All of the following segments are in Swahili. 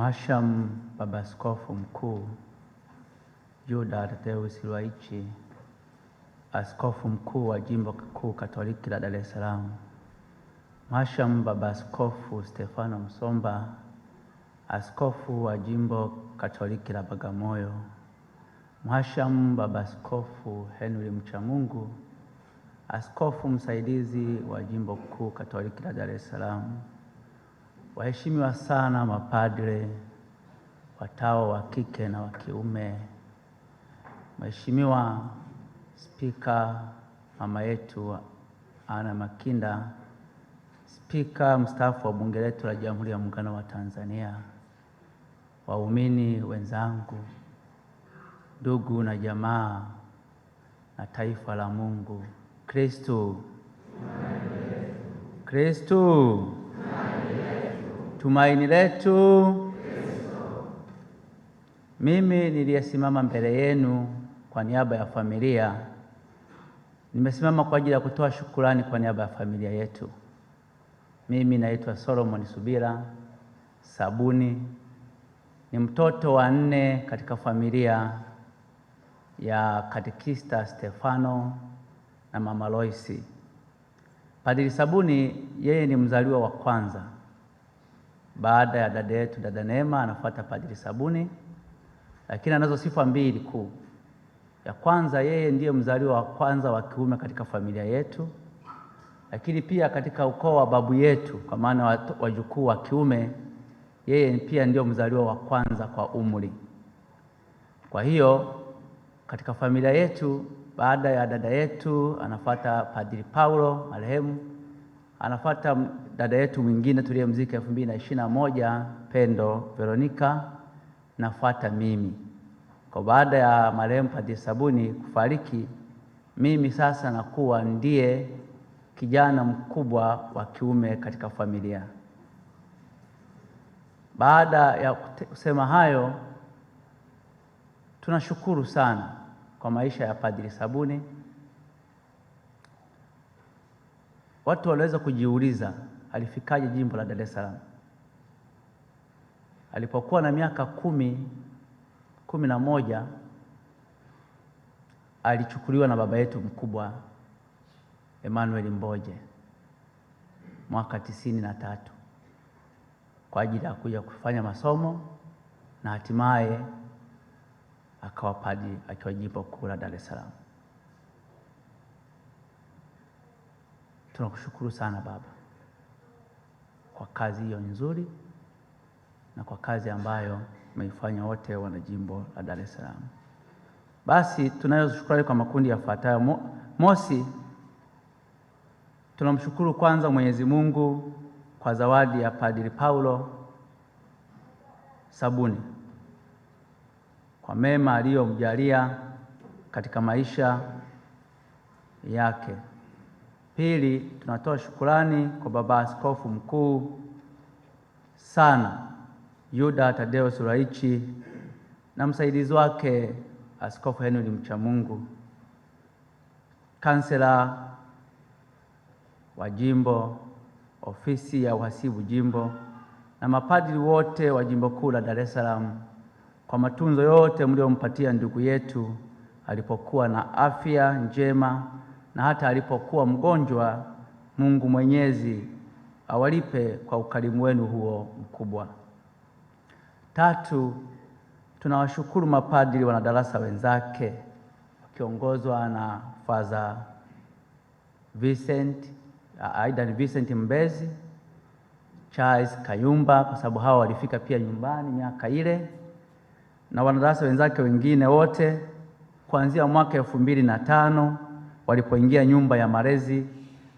Mhashamu Baba Askofu Mkuu Juda Thadeus Ruwa'ichi, askofu mkuu wa jimbo kuu Katoliki la Dar es Salaam, Mhashamu Baba Askofu Stefano Msomba, askofu wa jimbo Katoliki la Bagamoyo, Mhashamu Baba Askofu Henry Mchamungu, askofu msaidizi wa jimbo kuu Katoliki la Dar es Salaam Waheshimiwa sana mapadre, watawa wa kike na wa kiume, Mheshimiwa Spika mama yetu Anna Makinda, spika mstaafu wa bunge letu la Jamhuri ya Muungano wa Tanzania, waumini wenzangu, ndugu na jamaa na taifa la Mungu, Kristo Kristo Tumaini letu Kristo. Mimi niliyesimama mbele yenu kwa niaba ya familia, nimesimama kwa ajili ya kutoa shukurani kwa niaba ya familia yetu. Mimi naitwa Solomon Subira Sabuni, ni mtoto wa nne katika familia ya katekista Stefano na mama Loisi. Padri Sabuni yeye ni mzaliwa wa kwanza baada ya dada yetu dada Neema anafuata Padri Sabuni, lakini anazo sifa mbili kuu. Ya kwanza, yeye ndiye mzaliwa wa kwanza wa kiume katika familia yetu, lakini pia katika ukoo wa babu yetu, kwa maana wajukuu wa kiume, yeye pia ndio mzaliwa wa kwanza kwa umri. Kwa hiyo katika familia yetu, baada ya dada yetu anafuata Padri Paulo marehemu Anafata dada yetu mwingine tuliyemzika elfu mbili na ishirini na moja Pendo Veronica, nafata mimi kwa baada ya marehemu Padri Sabuni kufariki, mimi sasa nakuwa ndiye kijana mkubwa wa kiume katika familia. Baada ya kusema hayo, tunashukuru sana kwa maisha ya Padri Sabuni. Watu waliweza kujiuliza alifikaje jimbo la Dar es Salaam. Alipokuwa na miaka kumi kumi na moja alichukuliwa na baba yetu mkubwa Emmanuel Mboje mwaka tisini na tatu kwa ajili ya kuja kufanya masomo na hatimaye akawa padri akiwa jimbo kuu la Dar es Salaam. Tunakushukuru sana Baba kwa kazi hiyo nzuri na kwa kazi ambayo umeifanya wote wana jimbo la Dar es Salaam. Basi tunayo shukrani kwa makundi yafuatayo. Mo, mosi, tunamshukuru kwanza Mwenyezi Mungu kwa zawadi ya Padri Paulo Sabuni kwa mema aliyomjalia katika maisha yake. Pili, tunatoa shukurani kwa Baba Askofu Mkuu sana Yuda Tadeo suraichi na msaidizi wake Askofu Henry Mchamungu, kansela wa jimbo, ofisi ya uhasibu jimbo na mapadri wote wa jimbo kuu la Dar es Salaam kwa matunzo yote mliompatia ndugu yetu alipokuwa na afya njema na hata alipokuwa mgonjwa, Mungu Mwenyezi awalipe kwa ukarimu wenu huo mkubwa. Tatu, tunawashukuru mapadri wanadarasa wenzake wakiongozwa na Father Vincent, uh, Aidan Vincent Mbezi, Charles Kayumba, kwa sababu hawa walifika pia nyumbani miaka ile na wanadarasa wenzake wengine wote kuanzia mwaka elfu mbili na tano walipoingia nyumba ya malezi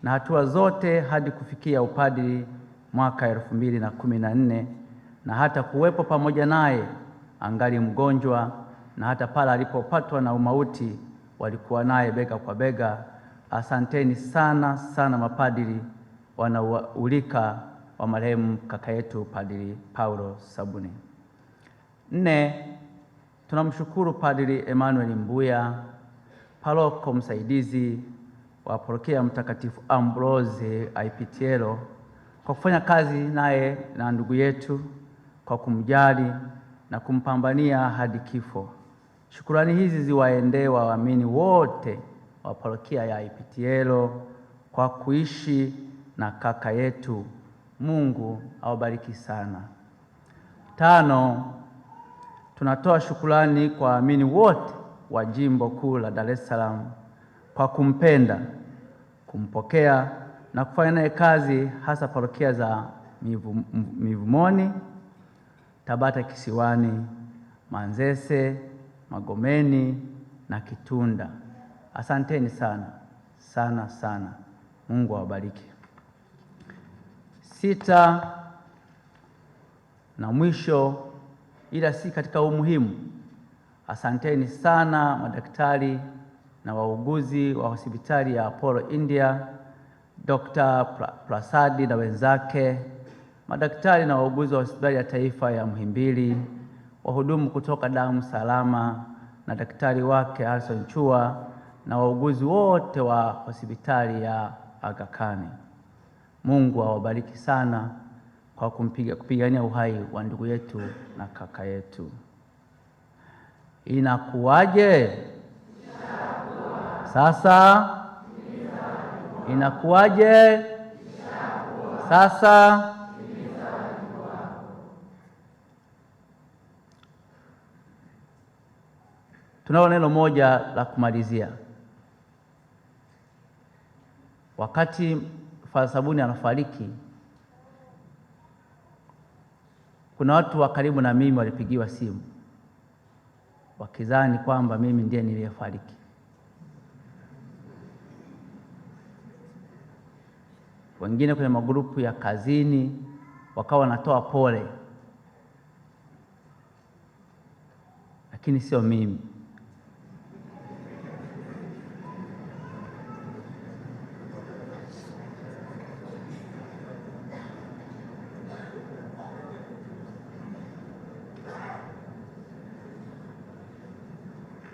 na hatua zote hadi kufikia upadri mwaka elfu mbili na kumi na nne na hata kuwepo pamoja naye angali mgonjwa na hata pale alipopatwa na umauti walikuwa naye bega kwa bega. Asanteni sana sana mapadiri wanaulika wa marehemu kaka yetu Padri Paulo Sabuni. Nne, tunamshukuru Padri Emmanuel Mbuya paroko msaidizi wa parokia Mtakatifu Ambrose Ipitielo kwa kufanya kazi naye na ndugu yetu kwa kumjali na kumpambania hadi kifo. Shukurani hizi ziwaendee waamini wote wa parokia ya Ipitielo kwa kuishi na kaka yetu. Mungu awabariki sana. Tano, tunatoa shukurani kwa waamini wote wa Jimbo Kuu la Dar es Salaam kwa kumpenda, kumpokea na kufanya naye kazi hasa parokia za Mivumoni, Tabata Kisiwani, Manzese, Magomeni na Kitunda. Asanteni sana sana sana. Mungu awabariki. Sita na mwisho, ila si katika umuhimu Asanteni sana madaktari na wauguzi wa hospitali ya Apollo India, Dr. Prasadi na wenzake, madaktari na wauguzi wa hospitali ya taifa ya Muhimbili, wahudumu kutoka Damu Salama na daktari wake Harrison Chua na wauguzi wote wa hospitali ya Aga Khan. Mungu awabariki sana kwa kumpiga kupigania uhai wa ndugu yetu na kaka yetu. Inakuwaje? Sasa inakuwaje? Sasa tunalo neno moja la kumalizia. Wakati Falsabuni anafariki, kuna watu wa karibu na mimi walipigiwa simu wakidhani kwamba mimi ndiye niliyefariki. Wengine kwenye magrupu ya kazini wakawa wanatoa pole, lakini sio mimi.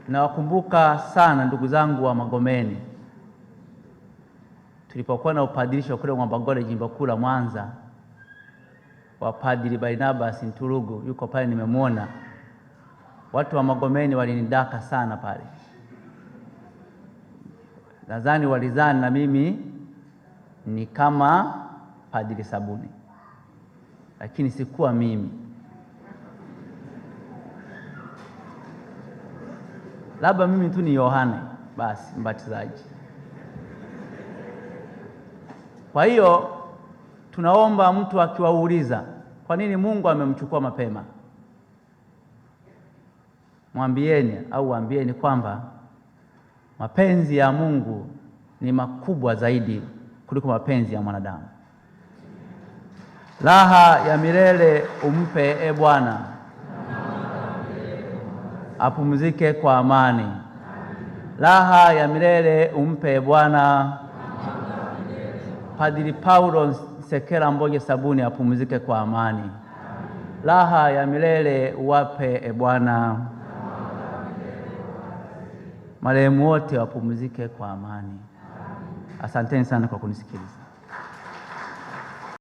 Nawakumbuka sana ndugu zangu wa Magomeni, tulipokuwa na upadirisho kule Mwambagole, jimbo kuu la Mwanza, wa Padri Barnabas Nturugu, yuko pale, nimemwona. Watu wa Magomeni walinidaka sana pale, nadhani walizani na mimi ni kama Padri Sabuni, lakini sikuwa mimi. labda mimi tu ni Yohane basi mbatizaji. Kwa hiyo tunaomba mtu akiwauliza kwa nini Mungu amemchukua mapema, mwambieni au waambieni kwamba mapenzi ya Mungu ni makubwa zaidi kuliko mapenzi ya mwanadamu. Raha ya milele umpe, e Bwana apumzike kwa amani. Raha ya milele umpe Bwana. Padri Paulo Sekela Mboje Sabuni apumzike kwa amani. Raha ya milele uwape e Bwana. Marehemu wote wapumzike kwa amani. Asanteni sana kwa kunisikiliza.